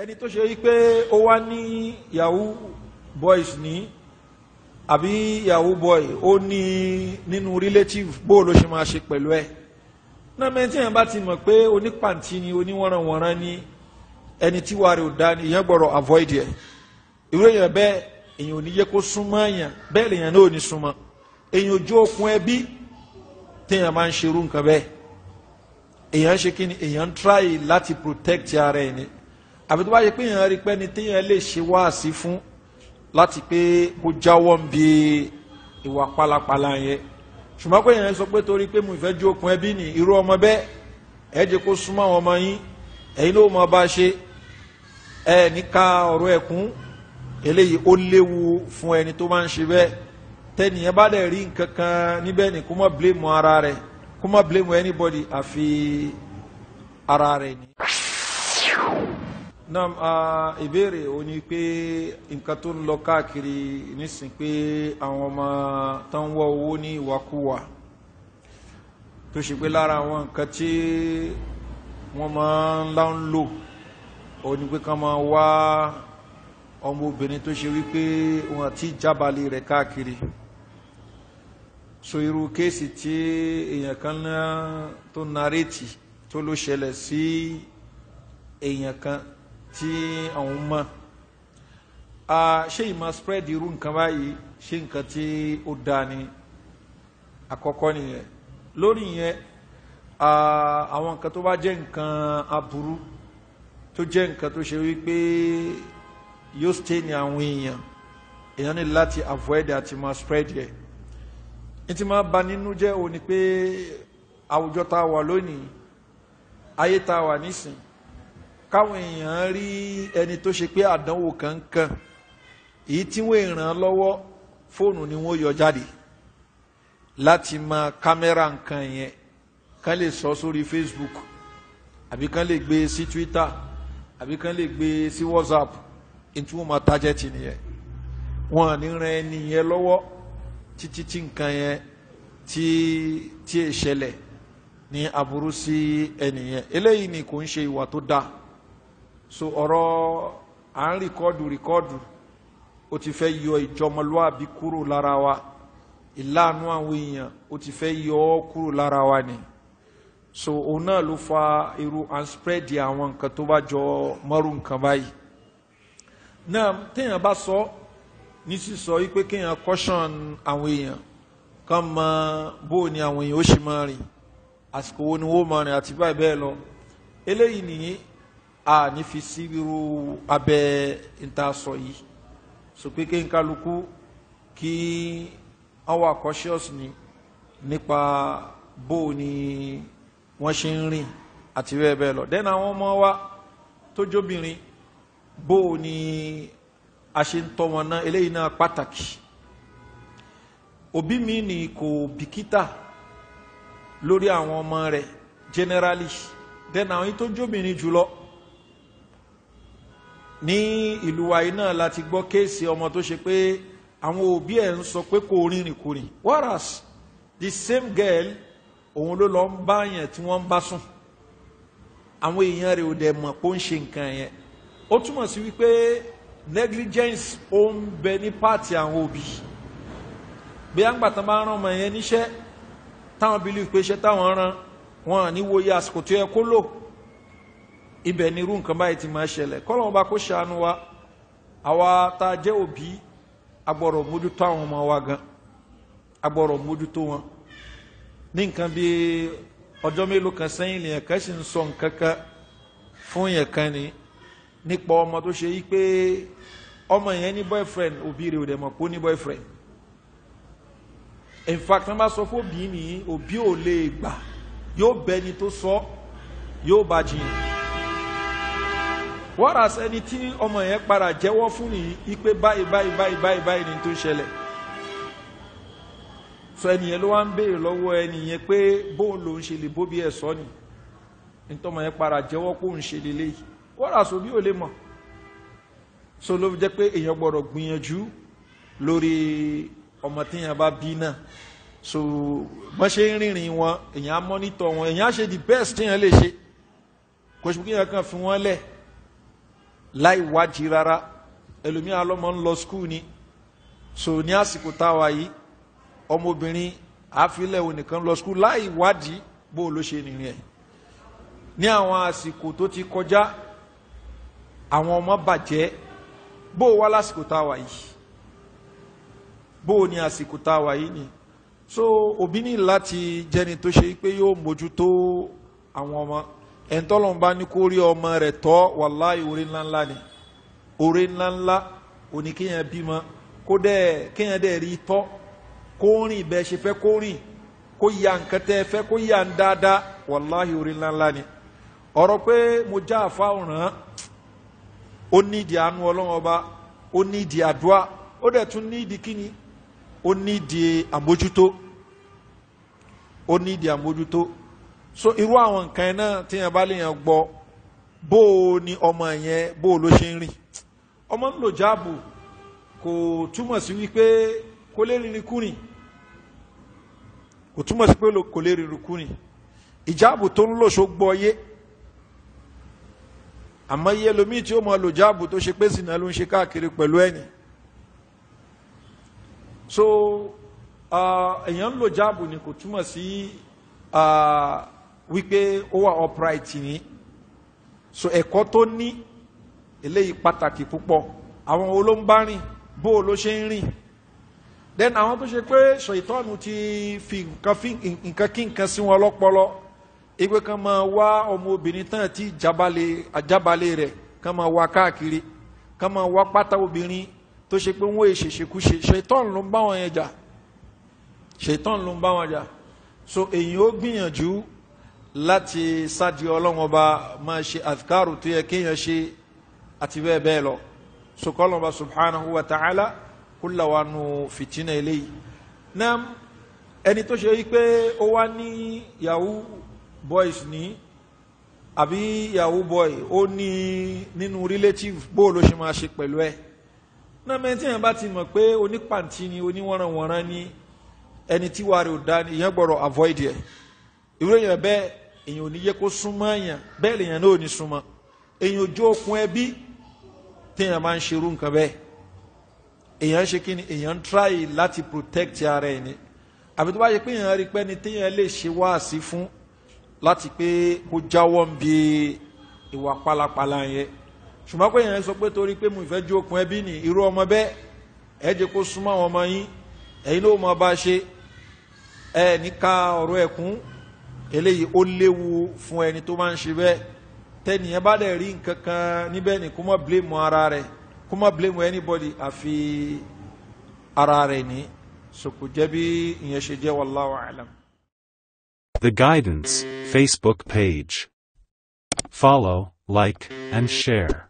ẹni tó ṣe wípé ó wá ní yahoo boys ní àbí yahoo boy ó ní nínú relative bó ló ṣe máa ṣe pẹ̀lú ẹ̀ náà mẹ́tí yẹn bá ti mọ̀ pé onípàǹtí ni oníwọ̀nranwọ̀nran ni ẹni tí wàá rẹ̀ ò dá ni ìyẹn gbọ́dọ̀ avoid ẹ̀ ìwé yẹn bẹ́ẹ̀ èyàn ò ní yẹ kó súnmọ́ èyàn bẹ́ẹ̀ lèyàn náà ò ní súnmọ́ èyàn ojú okun ẹbí téèyàn máa ń ṣerú nǹkan bẹ́ẹ̀ èyàn ń ṣe kí ni èyàn ń try láti protect ara ni àbí tó bá yẹ pé èèyàn rí pẹ́ni téèyàn lè ṣe wáàsí fún láti pé kó jáwọ́ ń bi ìwà pálapàla yẹn ṣùgbọ́n pé èèyàn sọ pé torí pé mo ìfẹ́ ju okùn ẹbí ni irú ọmọ bẹ́ẹ̀ ẹ jẹ́ kó súnmọ́ àwọn ọmọ yín ẹ̀yin ló mọ bá ṣe ẹ níka ọ̀rọ̀ ẹ̀kún eléyìí ó léwu fún ẹni tó máa ń ṣe bẹ́ẹ̀ tẹ́nìyàn bá dẹ̀ rí nǹkan kan níbẹ̀ ni kó má blame ara rẹ̀ kó má blame anybody àfi ara rẹ̀ ni nam ìbéèrè o ní pé nǹkan tó ń lọ káàkiri nísìn pé àwọn ọmọ tó ń wọ owó ní ìwàkúwà tó ṣe pé lára àwọn nǹkan tí wọ́n máa ń lá ń lò o ní pé ká máa wá ọmọ obìnrin tó ṣe wípé wọn àti jábàlì rẹ̀ káàkiri so irú kéèsì tí èèyàn kan náà tó narétì tó ló ṣẹlẹ̀ sí èèyàn kan tí àwọn mọ̀ ṣé ìmọ̀ spread irú nǹkan báyìí ṣé nǹkan tí ó dáa ni àkọ́kọ́ nìyẹn lórí yẹn àwọn nǹkan tó bá jẹ́ nǹkan aburú tó jẹ́ nǹkan tó ṣe wípé yóò stay ní àwọn èèyàn èèyàn ní láti avoid àti máa spread yẹ ní ti máa bà nínú jẹ́ òní pé àwùjọ tá a wà lónìí ayé tá a wà nísìnyí káwọn èèyàn rí ẹni tó ṣe pé àdánwò kankan èyí tí wọ́n ìràn lọ́wọ́ fóònù ni wọ́n yọ jáde láti mọ kámẹ́rà nǹkan yẹn kán lè sọ sórí Facebook àbí kán lè gbé sí Twitter àbí kán lè gbé sí WhatsApp ntí wọ́n máa tájẹ́tì nìyẹn wọn à ní ran ẹni yẹn lọ́wọ́ títí tí nǹkan yẹn tí tí èṣẹlẹ̀ ní aburú sí ẹnìyẹn eléyìí ni kò ń ṣe ìwà tó dáa so ọ̀rọ̀ à ń rìkọ́dù rìkọ́dù ó ti fẹ́ yọ ìjọmọlúàbí kúrò lára wa ìlànà àwọn èèyàn ó ti fẹ́ yọ ọ́ kúrò lára wa ni so òun náà ló fa irú anspreadi àwọn nǹkan tó bá jọ mọ́rù nǹkan báyìí náà téèyàn bá sọ ní sísọ wípé kéèyàn caution àwọn èèyàn kan mọ bó ni àwọn èèyàn ó ṣe máa rìn àsìkò wo ni wọ́n máa rìn àti báyìí bẹ́ẹ̀ lọ eléyìí nìyí a ní fi síbiru abẹ́ níta sọ yìí so pé kí n kálukú kí our cautious ni nípa bó ni wọ́n ṣe ń rìn àti bẹ́ẹ̀ bẹ́ẹ̀ lọ dẹ́n àwọn ọmọ wa tó jóbìnrin bó ni a ṣe ń tọ́ wọn náà eléyìí náà pàtàkì òbí mi ni kò bìkítà lórí àwọn ọmọ rẹ̀ generally dẹ́n àwọn yìí tó jóbìnrin jùlọ ní ìlú wa iná láti gbọ́ kéèsì ọmọ tó ṣe pé àwọn òbí ẹ̀ ń sọ pé kò rìnrìn kò rìn whereas the same girl òun ló lọ ń bá yẹn tí wọ́n ń bá sùn àwọn èèyàn rẹ̀ ò dẹ̀ mọ̀ pé ó ń ṣe nǹkan yẹn ó túmọ̀ sí wípé negligence ó ń bẹ ní pààtì àwọn òbí bí àgbà tán bá rán ọmọ yẹn níṣẹ́ táwọn bílíù pé táwọn rán wọn ní wo àsìkò tó yẹ kó lò ibẹ̀ ni irú nǹkan báyìí ti máa ṣẹlẹ̀ kọ́lọ̀ ọba kó ṣàánú wa àwa tá a jẹ́ òbí agbọ̀rọ̀ mójútó àwọn ọmọ wa gan agbọ̀rọ̀ mójútó wọn ní nǹkan bí ọjọ́ mélòó kan sẹ́yìn lèèyàn kan sì ń sọ nǹkan kan fún yẹn kan ni nípa ọmọ tó ṣe yí pé ọmọ yẹn ní boyfriend òbí rẹ̀ ò dẹ̀ mọ̀ pé ó ní boyfriend in fact wọ́n bá sọ fún òbí nìyí òbí ò lè gbà yóò bẹni tó sọ yóò bá jiyàn wọ́ra sẹ́ni tí ọmọ yẹn para jẹ́wọ́ fún ní ipe báyìí báyìí báyìí báyìí báyìí ní tó ṣẹlẹ̀ sọ ẹni yẹn ló wá ń béèrè lọ́wọ́ ẹni yẹn pé bóun ló ń ṣe lè bóbi ẹ̀ sọ ni nítọ́mọ yẹn para jẹ́wọ́ pé òun ṣe lè léyìí wọ́ra sọ bí ò lè mọ̀ so ló jẹ́ pé èèyàn gbọ́dọ̀ gbìyànjú lórí ọmọ tí yẹn bá bí náà so bọ́n ṣe ń rìnrìn wọn èèyàn á mọ́nítọ̀ wọn èèyàn á ṣe the best tí yẹn lè ṣe kò yẹn kàn fi wọ́n lẹ̀ láì wádìí rárá ẹlòmí alọ́mọ ń lọ skul ni so ní àsìkò táwa yìí ọmọbìnrin àfilẹ̀ onìkan lọ skul láì wádìí bó ló ṣe nìrìn ẹ̀ ní àwọn àsìkò tó ti kọjá àwọn ọmọ bàjẹ́ bó wá lásìkò táwa yìí bó ní àsìkò táwa yìí ni so òbí ní láti jẹni tó ṣe pé yóò mójútó àwọn ọmọ ẹ̀ńtọ́lọ́mba ní kó rí ọmọ rẹ̀ tọ́ wàláì orí ńláńlá ni orí ńláńlá òní kéèyàn bímọ kó dẹ́ kéèyàn dẹ́ rí tọ́ kó rìn bẹ́ẹ̀ ṣe fẹ́ kó rìn kó ya nǹkan tẹ́ fẹ́ kó ya ń dáadáa wàláì orí ńláńlá ni ọ̀rọ̀ pé mo já àfa ọ̀ràn ó nídìí àánú ọlọ́run ọba ó nídìí àdúrà ó dẹ̀ tún nídìí kíni ó nídìí àmójútó ó nídìí àmójútó so irú àwọn nǹkan ẹ̀ náà téèyàn bá léèyàn gbọ́ bó o ni ọmọ yẹn bó o ló ṣe ń rìn ọmọ ń lò jáàbù kò túmọ̀ sí wípé kò lè rìnrìn kúrìn kò túmọ̀ sí pé kò lè rìnrìn kúrìn ìjáàbù tó ń lò ṣó gbọ́ yé àmọ́ iye lomi tí ó mọ lò jáàbù tó ṣe pé sìnà ló ń ṣe káàkiri pẹ̀lú ẹ̀yìn so ah, èèyàn ń lò jáàbù ni kò túmọ̀ sí. Ah, wípé ó wà upright ni so ẹ̀kọ́ tó ní eléyìí pàtàkì púpọ̀ àwọn olóńbárìn bó ló ṣe ń rìn then àwọn tó ṣe pé ṣètọ́nù ti fi nǹkan kí nǹkan sí wọn lọ́pọlọ ìgbé kan máa wá ọmọ obìnrin tán tí àjábalẹ̀ rẹ̀ kan máa wá káàkiri kan máa wá pátá obìnrin tó ṣe pé wọ́n èṣèṣekúṣe ṣètọ́nù ló ń bá wọn yẹn jà ṣètọ́nù ló ń bá wọn jà so èyí ó gbìyànjú láti sáàdì ọlọ́run ọba máa ṣe àfikárù tó yẹ kéèyàn ṣe àti bẹ́ẹ̀ bẹ́ẹ̀ lọ sọkọlọ́run ọba subhanahu wa ta'ala kó làwánu fìtínà eléyìí náà ẹni tó ṣe wípé ó wá ní yahoo boys ní àbí yahoo boy ó ní nínú relative bó ló ṣe máa ṣe pẹ̀lú ẹ̀ náà mẹ́tí yẹn bá ti mọ̀ pé onípàǹtí ni oníwọ̀nranwọ̀nran ni ẹni tí wàá rẹ̀ ò dá ni ìyẹn gbọ́dọ̀ avoid ẹ̀ irú èèyàn bẹ́ẹ̀ èyàn ò ní yẹ kó súnmọ́ èyàn bẹ́ẹ̀ lèyàn náà ò ní súnmọ́ èyàn ojú okun ẹbí téèyàn máa ń ṣerú nǹkan bẹ́ẹ̀ èyàn ṣe kí ni èyàn ń try láti protect ara ẹ̀ ni àbí tó bá yẹ pé èyàn rí pẹ́ni téèyàn lè ṣe wáàsí fún láti pé kó jáwọ́ ń bi ìwà pálapàla yẹn ṣùgbọ́n pé èyàn sọ pé torí pé mo ìfẹ́ ju okun ẹbí ni irú ọmọ bẹ́ẹ̀ ẹ jẹ́ kó súnmọ́ àwọn ọmọ yín ẹ̀yin ló mọ bá ṣe ẹ̀ níka ọ̀rọ̀ ẹ̀kún eléyìí ó léwu fún ẹni tó máa ń ṣe bẹ́ẹ̀ tẹ́nìyàn bá dẹ̀ rí nǹkan kan níbẹ̀ ni kó má blame ara rẹ̀ kó má blame anybody àfi ara rẹ̀ ní sòkò jẹ́ bí ìyẹn ṣe jẹ́ The Guidance Facebook page. Follow, like, and share.